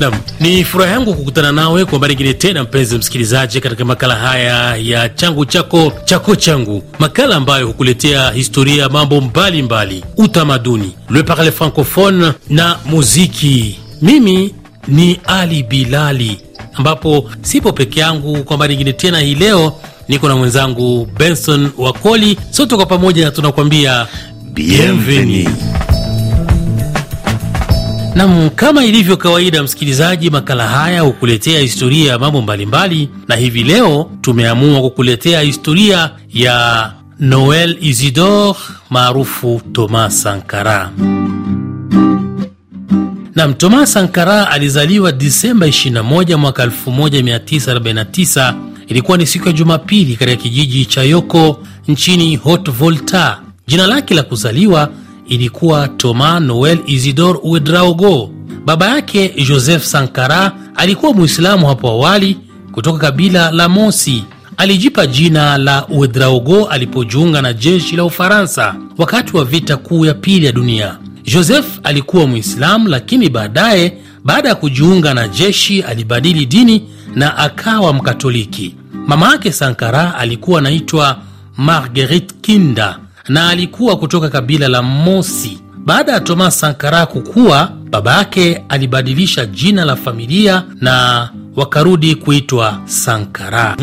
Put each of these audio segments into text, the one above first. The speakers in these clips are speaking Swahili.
Nam, ni furaha yangu kukutana nawe kwa mara nyingine tena, mpenzi msikilizaji, katika makala haya ya changu chako chako changu, makala ambayo hukuletea historia ya mambo mbalimbali, utamaduni, le parle francophone na muziki. Mimi ni Ali Bilali, ambapo sipo peke yangu kwa mara nyingine tena hii leo, niko na mwenzangu Benson Wakoli. Sote kwa pamoja tunakuambia bienvenue. Nam, kama ilivyo kawaida, msikilizaji, makala haya hukuletea historia ya mambo mbalimbali, na hivi leo tumeamua kukuletea historia ya Noel isidor maarufu Thomas Sankara. Nam, Thomas Sankara alizaliwa Disemba 21 mwaka 1949. Ilikuwa ni siku ya Jumapili katika kijiji cha Yoko nchini Haute Volta. Jina lake la kuzaliwa ilikuwa Thomas Noel Isidore Uedraogo. Baba yake Joseph Sankara alikuwa Mwislamu hapo awali kutoka kabila la Mosi. Alijipa jina la Uedraogo alipojiunga na jeshi la Ufaransa wakati wa vita kuu ya pili ya dunia. Joseph alikuwa Mwislamu, lakini baadaye, baada ya kujiunga na jeshi, alibadili dini na akawa Mkatoliki. Mama yake Sankara alikuwa anaitwa Marguerite Kinda na alikuwa kutoka kabila la Mosi. Baada ya Thomas Sankara kukua, baba yake alibadilisha jina la familia na wakarudi kuitwa Sankara.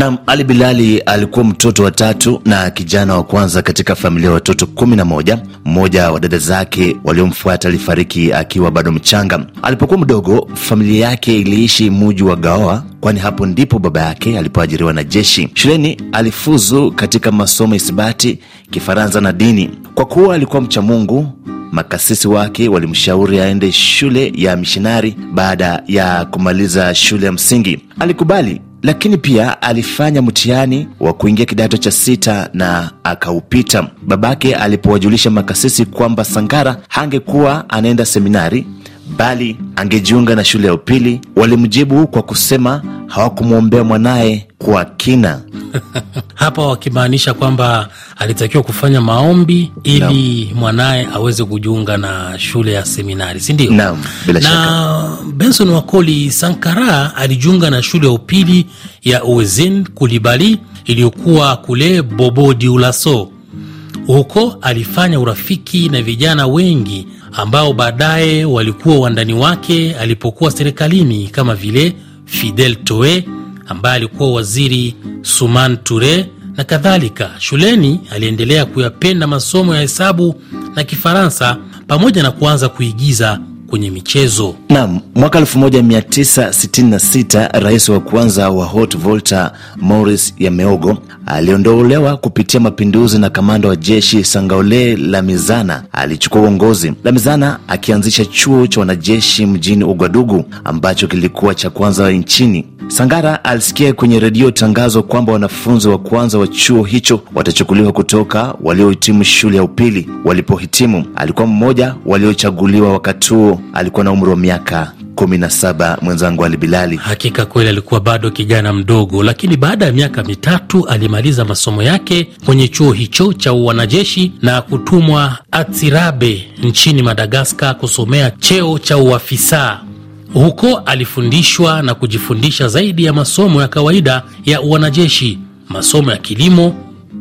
Hmm? Ali Bilali alikuwa mtoto wa tatu na kijana wa kwanza katika familia ya watoto kumi na moja. Mmoja wa dada zake waliomfuata alifariki akiwa bado mchanga. Alipokuwa mdogo, familia yake iliishi muji wa Gaoa kwani hapo ndipo baba yake alipoajiriwa na jeshi. Shuleni alifuzu katika masomo isibati, Kifaransa na dini. Kwa kuwa alikuwa mcha Mungu, Makasisi wake walimshauri aende shule ya mishinari baada ya kumaliza shule ya msingi. Alikubali, lakini pia alifanya mtihani wa kuingia kidato cha sita na akaupita. Babake alipowajulisha makasisi kwamba Sangara hangekuwa anaenda seminari, bali angejiunga na shule ya upili. Walimjibu kwa kusema hawakumwombea mwanaye kwa kina. Hapa wakimaanisha kwamba alitakiwa kufanya maombi ili no. mwanaye aweze kujiunga na shule ya seminari, si ndio? no, bila na shaka. Benson Wakoli Sankara alijiunga na shule ya upili ya Uezin Kulibali iliyokuwa kule Bobo Diulaso. Huko alifanya urafiki na vijana wengi ambao baadaye walikuwa wandani wake alipokuwa serikalini kama vile Fidel Toe ambaye alikuwa waziri, Suman Ture na kadhalika. Shuleni aliendelea kuyapenda masomo ya hesabu na Kifaransa pamoja na kuanza kuigiza kwenye michezo. Naam, mwaka 1966 rais wa kwanza wa Haute Volta Morris Yameogo aliondolewa kupitia mapinduzi na kamanda wa jeshi Sangaole Lamizana alichukua uongozi. Lamizana akianzisha chuo cha wanajeshi mjini Ugadugu ambacho kilikuwa cha kwanza nchini. Sangara alisikia kwenye redio tangazo kwamba wanafunzi wa kwanza wa chuo hicho watachukuliwa kutoka waliohitimu shule ya upili. Walipohitimu, alikuwa mmoja waliochaguliwa wakati huo alikuwa na umri wa miaka 17 mwenzangu Ali Bilali. Hakika kweli alikuwa bado kijana mdogo, lakini baada ya miaka mitatu alimaliza masomo yake kwenye chuo hicho cha wanajeshi na kutumwa Atsirabe nchini Madagaskar kusomea cheo cha uafisa. Huko alifundishwa na kujifundisha zaidi ya masomo ya kawaida ya uwanajeshi masomo ya kilimo,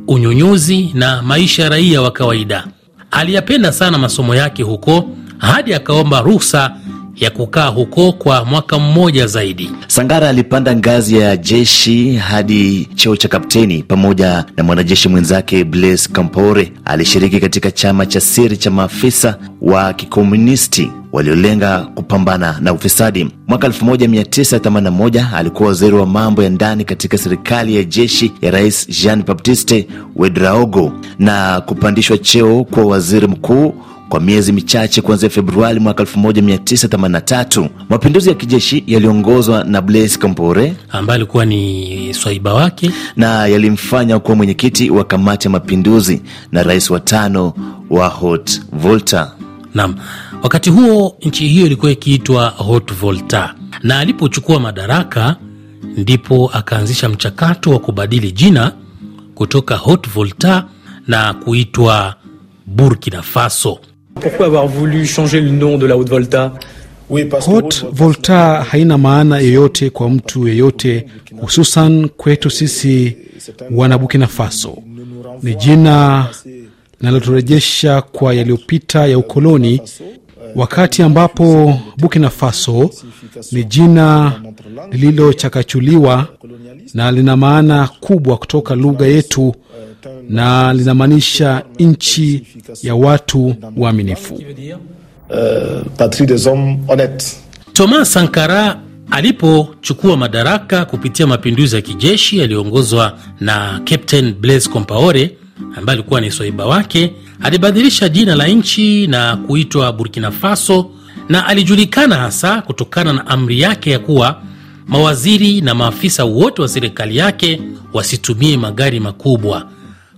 unyunyuzi na maisha ya raia wa kawaida. Aliyapenda sana masomo yake huko hadi akaomba ruhusa ya kukaa huko kwa mwaka mmoja zaidi. Sangara alipanda ngazi ya jeshi hadi cheo cha kapteni pamoja na mwanajeshi mwenzake Blaise campore Alishiriki katika chama cha siri cha maafisa wa kikomunisti waliolenga kupambana na ufisadi. Mwaka 1981 alikuwa waziri wa mambo ya ndani katika serikali ya jeshi ya Rais Jean Baptiste wedraogo na kupandishwa cheo kuwa waziri mkuu kwa miezi michache kuanzia Februari mwaka 1983 mapinduzi ya kijeshi yaliongozwa na Blaise Compaore ambaye alikuwa ni swaiba wake na yalimfanya kuwa mwenyekiti wa kamati ya mapinduzi na rais wa tano wa Haute Volta. Naam, wakati huo nchi hiyo ilikuwa ikiitwa Haute Volta, na alipochukua madaraka ndipo akaanzisha mchakato wa kubadili jina kutoka Haute Volta na kuitwa Burkina Faso. Pourquoi avoir voulu changer le nom de la Haute Volta? Haute Volta haina maana yoyote kwa mtu yeyote, hususan kwetu sisi wana Burkina Faso. Ni jina linaloturejesha kwa yaliyopita ya ukoloni, wakati ambapo Burkina Faso ni jina lililochakachuliwa na lina maana kubwa kutoka lugha yetu na linamaanisha nchi ya watu waaminifu. Euh, Thomas Sankara alipochukua madaraka kupitia mapinduzi ya kijeshi yaliyoongozwa na Captain Blaise Compaore ambaye alikuwa ni swaiba wake, alibadilisha jina la nchi na kuitwa Burkina Faso, na alijulikana hasa kutokana na amri yake ya kuwa mawaziri na maafisa wote wa serikali yake wasitumie magari makubwa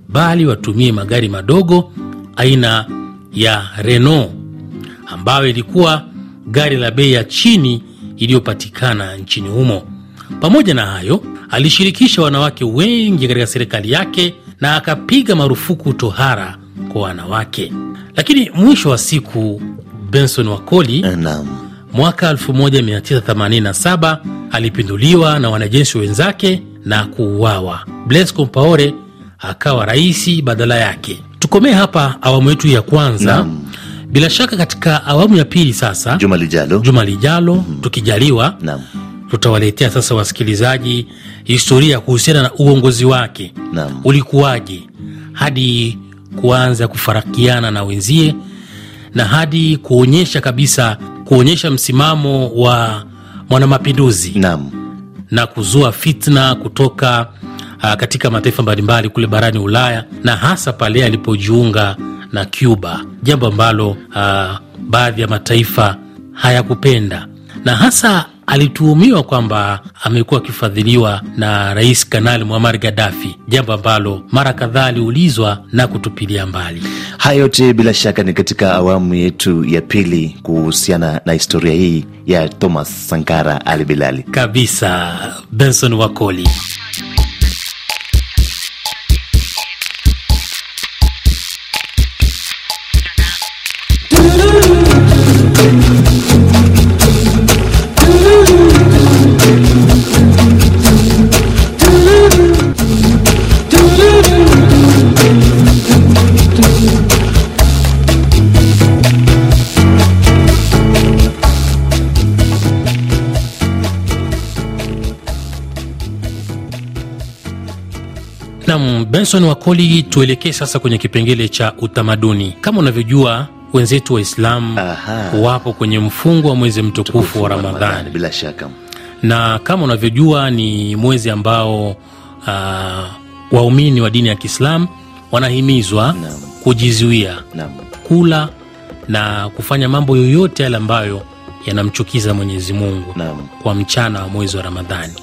bali watumie magari madogo aina ya Renault ambayo ilikuwa gari la bei ya chini iliyopatikana nchini humo. Pamoja na hayo, alishirikisha wanawake wengi katika serikali yake na akapiga marufuku tohara kwa wanawake. Lakini mwisho wa siku, Benson Wakoli eh, mwaka 1987 alipinduliwa na wanajeshi wenzake na kuuawa. Blaise Compaore akawa rais badala yake. Tukomee hapa awamu yetu ya kwanza na. Bila shaka katika awamu ya pili sasa, juma lijalo, juma lijalo mm -hmm. tukijaliwa na. tutawaletea sasa wasikilizaji historia kuhusiana na uongozi wake ulikuwaje hadi kuanza kufarakiana na wenzie na hadi kuonyesha kabisa kuonyesha msimamo wa mwanamapinduzi na kuzua fitna kutoka uh, katika mataifa mbalimbali kule barani Ulaya na hasa pale alipojiunga na Cuba, jambo ambalo uh, baadhi ya mataifa hayakupenda na hasa alituhumiwa kwamba amekuwa akifadhiliwa na rais Kanali Muamar gadafi jambo ambalo mara kadhaa aliulizwa na kutupilia mbali. Haya yote bila shaka ni katika awamu yetu ya pili kuhusiana na historia hii ya Thomas Sankara Ali Bilali. Kabisa, Benson Wakoli. Benson Wakoli, tuelekee sasa kwenye kipengele cha utamaduni. Kama unavyojua wenzetu Waislamu wapo kwenye mfungo wa mwezi mtukufu wa Ramadhani, bila shaka, na kama unavyojua ni mwezi ambao uh, waumini wa dini ya Kiislamu wanahimizwa kujizuia kula na kufanya mambo yoyote yale ambayo yanamchukiza Mwenyezi Mungu kwa mchana wa mwezi wa Ramadhani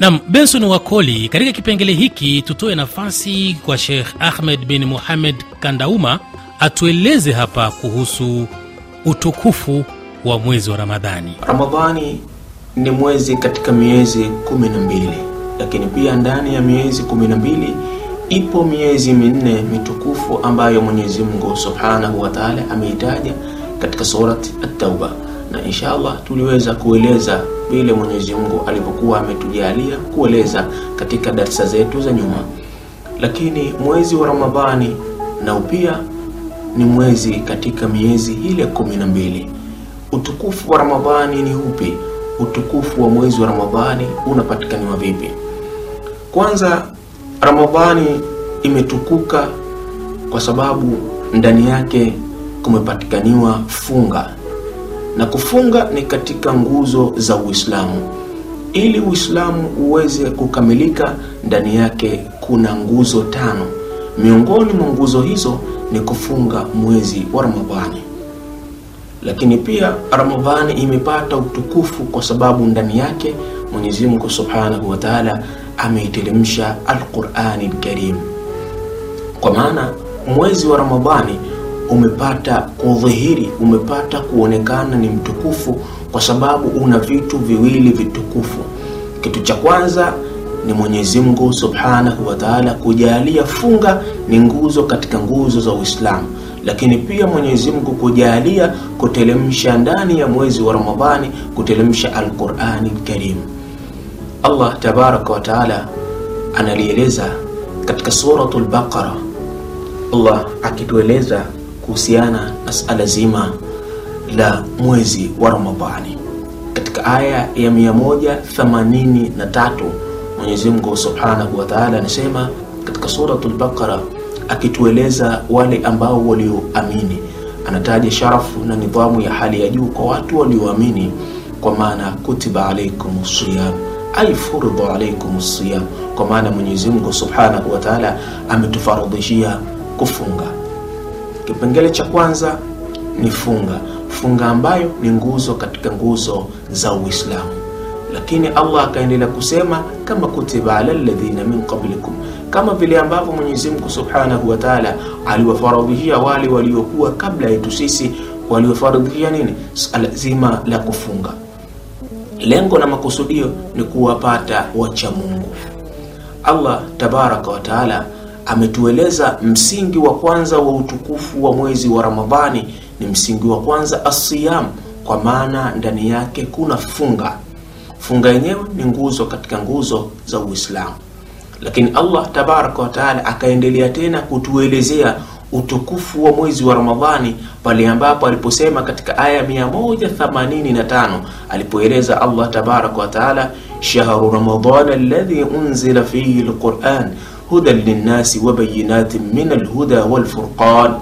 Nam Benson Wakoli. Katika kipengele hiki tutoe nafasi kwa Sheikh Ahmed bin Muhamed Kandauma atueleze hapa kuhusu utukufu wa mwezi wa Ramadhani. Ramadhani ni mwezi katika miezi kumi na mbili, lakini pia ndani ya miezi kumi na mbili ipo miezi minne mitukufu ambayo Mwenyezi Mungu subhanahu wa taala ameitaja katika Surati at na insha tuliweza kueleza vile Mwenyezi Mungu alivyokuwa ametujalia kueleza katika darsa zetu za nyuma. Lakini mwezi wa Ramadhani nao pia ni mwezi katika miezi ile kumi na mbili. Utukufu wa Ramadhani ni upi? Utukufu wa mwezi wa Ramadhani unapatikaniwa vipi? Kwanza, Ramadhani imetukuka kwa sababu ndani yake kumepatikaniwa funga na kufunga ni katika nguzo za Uislamu. Ili Uislamu uweze kukamilika, ndani yake kuna nguzo tano. Miongoni mwa nguzo hizo ni kufunga mwezi wa Ramadhani. Lakini pia Ramadhani imepata utukufu kwa sababu ndani yake Mwenyezi Mungu Subhanahu wa Ta'ala ameiteremsha al lkarim karim Kwa maana mwezi wa Ramadhani umepata kudhihiri, umepata kuonekana ni mtukufu, kwa sababu una vitu viwili vitukufu. Kitu cha kwanza ni Mwenyezi Mungu Subhanahu wa Ta'ala kujalia funga ni nguzo katika nguzo za Uislamu, lakini pia Mwenyezi Mungu kujalia kutelemsha ndani ya mwezi wa Ramadhani, kutelemsha Al-Qur'ani Karim. Allah Tabaraka wa Ta'ala analieleza katika Suratul Baqara, Allah akitueleza kuhusiana na sala zima la mwezi wa Ramadhani. Katika aya ya 183 Mwenyezi Mungu Subhanahu wa Ta'ala anasema katika surat Baqara, akitueleza wale ambao walioamini, anataja sharafu na nidhamu ya hali ya juu kwa watu walioamini, kwa maana kutiba alaikum siyam alfurdu alaikum siyam, kwa maana Mwenyezi Mungu Subhanahu wa Ta'ala ametufaradhishia kufunga Kipengele cha kwanza ni funga, funga ambayo ni nguzo katika nguzo za Uislamu. Lakini Allah akaendelea kusema kama kutiba ala alladhina min qablikum, kama vile ambavyo Mwenyezi Mungu Subhanahu wa Ta'ala aliwafaradhia wale waliokuwa kabla yetu sisi, waliofaradhia nini? Lazima la kufunga. Lengo na makusudio ni kuwapata wacha Mungu. Allah tabaraka wa Ta'ala ametueleza msingi wa kwanza wa utukufu wa mwezi wa Ramadhani ni msingi wa kwanza asiyam, kwa maana ndani yake kuna funga. Funga yenyewe ni nguzo katika nguzo za Uislamu, lakini Allah tabaraka wa taala akaendelea tena kutuelezea utukufu wa mwezi wa Ramadhani pale ambapo aliposema katika aya 185 alipoeleza Allah tabaraka wa taala shahru ramadhana alladhi unzila fihi alquran huda linnasi wa min alhuda walfurqan.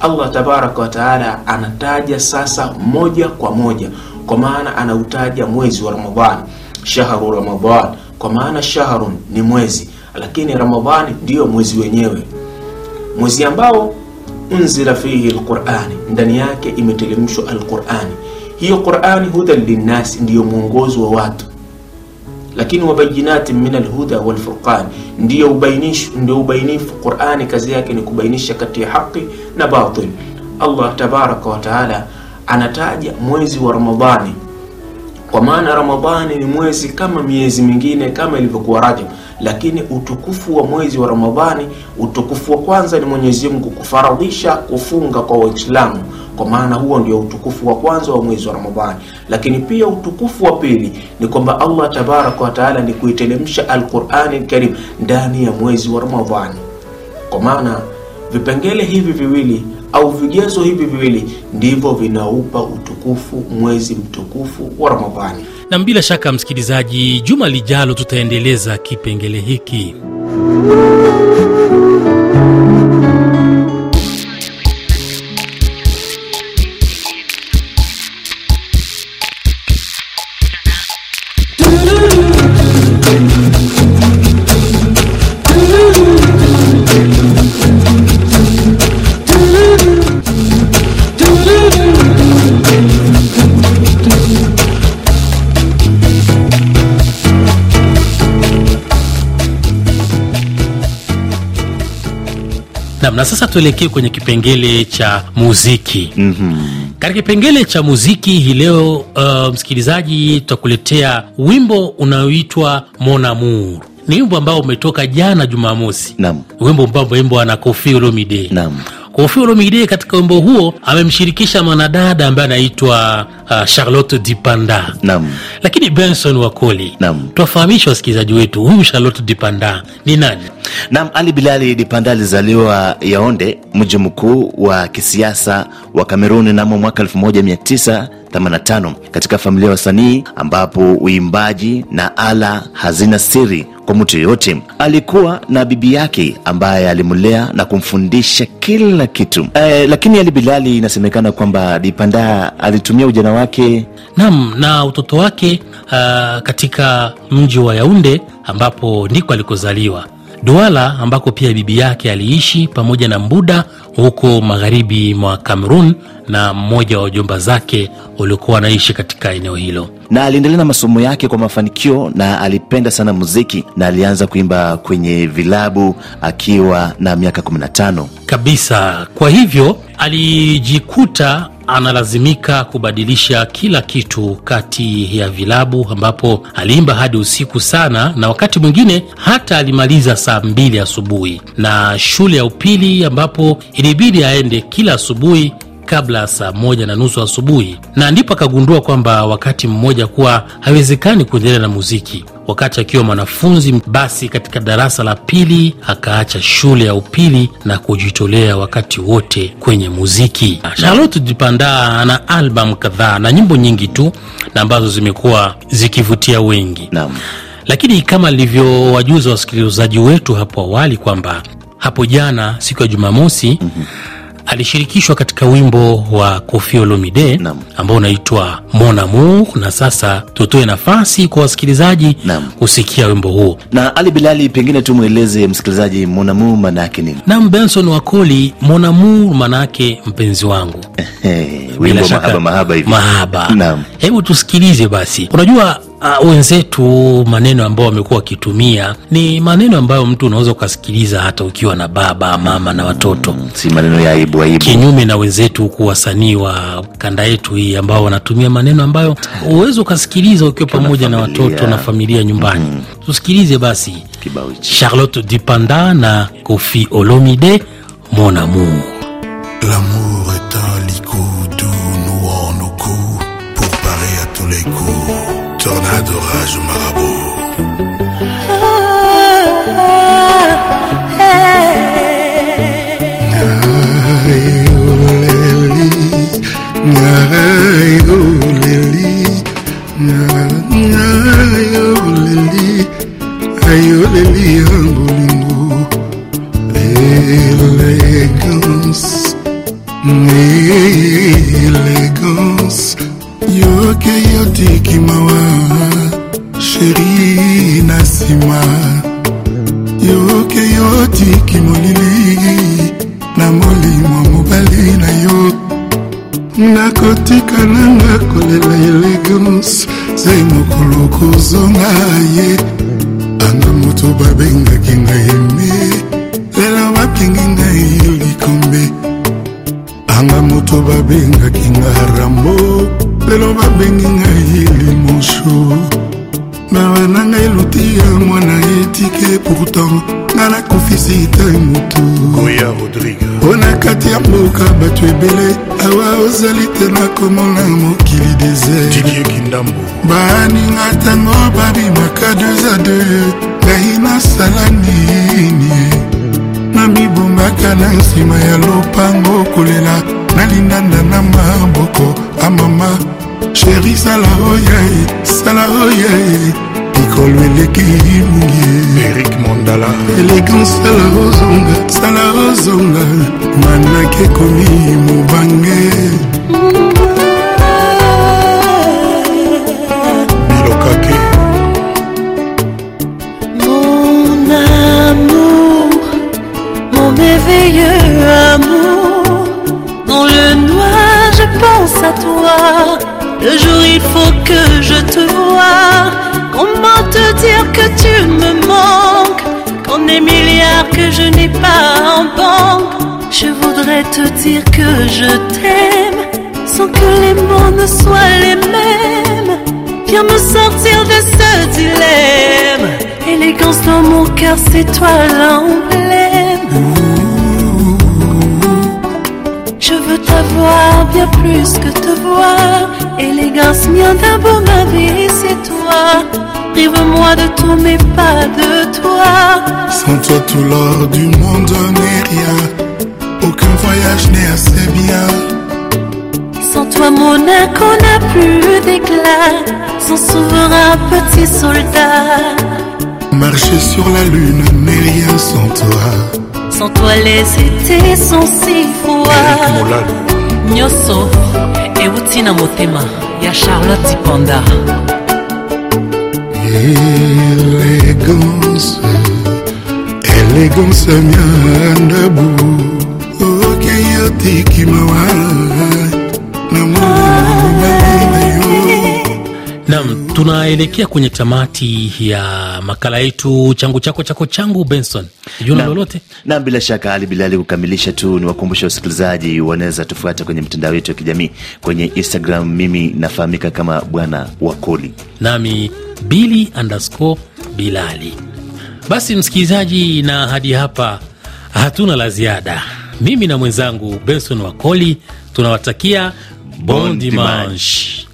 Allah tabaraka wa taala anataja sasa moja kwa moja, kwa maana anautaja mwezi wa Ramadhani, shahru Ramadhan, kwa maana shahrun ni mwezi, lakini Ramadhani ndiyo mwezi wenyewe, mwezi ambao unzila fihi lqurani ndani yake imetelemshwa alqurani. Hiyo Qurani huda linnasi, ndiyo mwongozo wa watu lakini wabayinati min alhuda walfurqan, ndio ndio ubainifu. Qur'ani kazi yake ni kubainisha kati ya haki na batil. Allah tabaraka wa taala anataja mwezi wa Ramadhani kwa maana Ramadhani ni mwezi kama miezi mingine kama ilivyokuwa Rajab, lakini utukufu wa mwezi wa Ramadhani, utukufu wa kwanza ni Mwenyezi Mungu kufaradhisha kufunga kwa Waislamu kwa maana huo ndio utukufu wa kwanza wa mwezi wa Ramadhani. Lakini pia utukufu wa pili ni kwamba Allah tabaraka wa taala ni kuitelemsha Alqurani karim ndani ya mwezi wa Ramadhani. Kwa maana vipengele hivi viwili au vigezo hivi viwili ndivyo vinaupa utukufu mwezi mtukufu wa Ramadhani. Na bila shaka, msikilizaji, juma lijalo tutaendeleza kipengele hiki. na sasa tuelekee kwenye kipengele cha muziki mm-hmm. Katika kipengele cha muziki hii leo uh, msikilizaji, tutakuletea wimbo unaoitwa monamur ni wimbo ambao umetoka jana Jumamosi, wimbo mbao umeimbwa na Koffi Olomide. Koffi Olomide katika wimbo huo amemshirikisha mwanadada ambaye anaitwa uh, Charlotte Dipanda Naam. Lakini Benson Wakoli, tuwafahamisha wasikilizaji wetu huyu Charlotte Dipanda ni nani? Naam, Ali Bilali Dipanda alizaliwa Yaonde, mji mkuu wa kisiasa wa Kameruni namo mwaka 1985 katika familia ya wasanii ambapo uimbaji na ala hazina siri kwa mtu yoyote. Alikuwa na bibi yake ambaye alimlea na kumfundisha kila kitu e, lakini Ali Bilali inasemekana kwamba Dipanda alitumia ujana wake nam na utoto wake uh, katika mji wa Yaunde ambapo ndiko alikozaliwa. Duala ambako pia bibi yake aliishi pamoja na Mbuda huko magharibi mwa Cameroon na mmoja wa jumba zake waliokuwa wanaishi katika eneo hilo na aliendelea na masomo yake kwa mafanikio, na alipenda sana muziki na alianza kuimba kwenye vilabu akiwa na miaka 15 kabisa. Kwa hivyo alijikuta analazimika kubadilisha kila kitu kati ya vilabu, ambapo aliimba hadi usiku sana, na wakati mwingine hata alimaliza saa mbili asubuhi, na shule ya upili ambapo ilibidi aende kila asubuhi kabla saa moja na nusu asubuhi, na ndipo akagundua kwamba wakati mmoja kuwa haiwezekani kuendelea na muziki wakati akiwa mwanafunzi, basi katika darasa la pili akaacha shule ya upili na kujitolea wakati wote kwenye muziki. Charlotte Dupanda ana albamu kadhaa na nyimbo nyingi tu na ambazo zimekuwa zikivutia wengi Naam. Lakini kama alivyowajuza wasikilizaji wetu hapo awali kwamba hapo jana siku ya Jumamosi mm -hmm alishirikishwa katika wimbo wa Koffi Olomide ambao unaitwa Mon Amour, na sasa tutoe nafasi kwa wasikilizaji kusikia wimbo huo. Na Ali Bilali, pengine tumweleze msikilizaji Mon Amour maana yake nini? Naam, Benson Wakoli, Mon Amour maana yake mpenzi wangu. Wimbo mahaba mahaba Mahaba. Naam. Hebu tusikilize basi. Unajua uh, wenzetu maneno ambayo wamekuwa wakitumia ni maneno ambayo mtu unaweza ukasikiliza hata ukiwa na baba mama na watoto mm, si maneno ya aibu aibu, kinyume na wenzetu huku wasanii wa kanda yetu hii ambao wanatumia maneno ambayo huwezi ukasikiliza ukiwa pamoja na watoto na familia nyumbani. Mm, tusikilize basi Charlotte dupanda na Kofi Olomide Mon amour. L'amour tornado, rajo, marabou. ngai mokolo kozonga ye anga moto babengaki ngai me lelo bakengi ngai likombe anga moto babengaki nga rambo lelo babengi ngai limosho mama na ngai luti ya mwana etike pourtant nanga nakovisite motuya rodrigue mpo na kati ya mboka bato ebele awa ozali te nakomona mokili desertkindambo baninga ntango babimaka 2 a 2 ngai nasala nini namibombaka na nsima ya lopango kolela nalindanda na maboko amama sheri sala oyae sala oyae Eric Mandala mungi Mandala mondala elekan sala ozonga sala ozonga bilokake mon amour mon merveilleux amour dans le noir je pense à toi le jour il faut que je te te dire que je t'aime sans que les mots ne soient les mêmes. Viens me sortir de ce dilemme. Élégance dans mon cœur, c'est toi l'emblème. Je veux t'avoir bien plus que te voir. Élégance, mien d'un beau ma vie, c'est toi. Prive-moi de tout, mais pas de toi. Sans toi, tout l'or du monde n'est rien. Monaco, n'a plus d'éclat. Son souverain petit soldat. Marcher sur la lune n'est rien sans toi. Sans toi, les étés sont si froids. Nyoso, outine Il motema ya Charlotte Panda. Élégance, élégance mianda bu. Tiki Nam, tunaelekea kwenye tamati ya makala yetu changu chako chako changu. Benson, juna lolote? Nam, bila shaka Ali Bilali, kukamilisha tu ni wakumbusha wasikilizaji wanaweza tufuata kwenye mtandao yetu ya kijamii kwenye Instagram, mimi nafahamika kama bwana Wakoli nami bili underscore Bilali. Basi msikilizaji, na hadi hapa hatuna la ziada. Mimi na mwenzangu Benson Wakoli tunawatakia bon dimanche.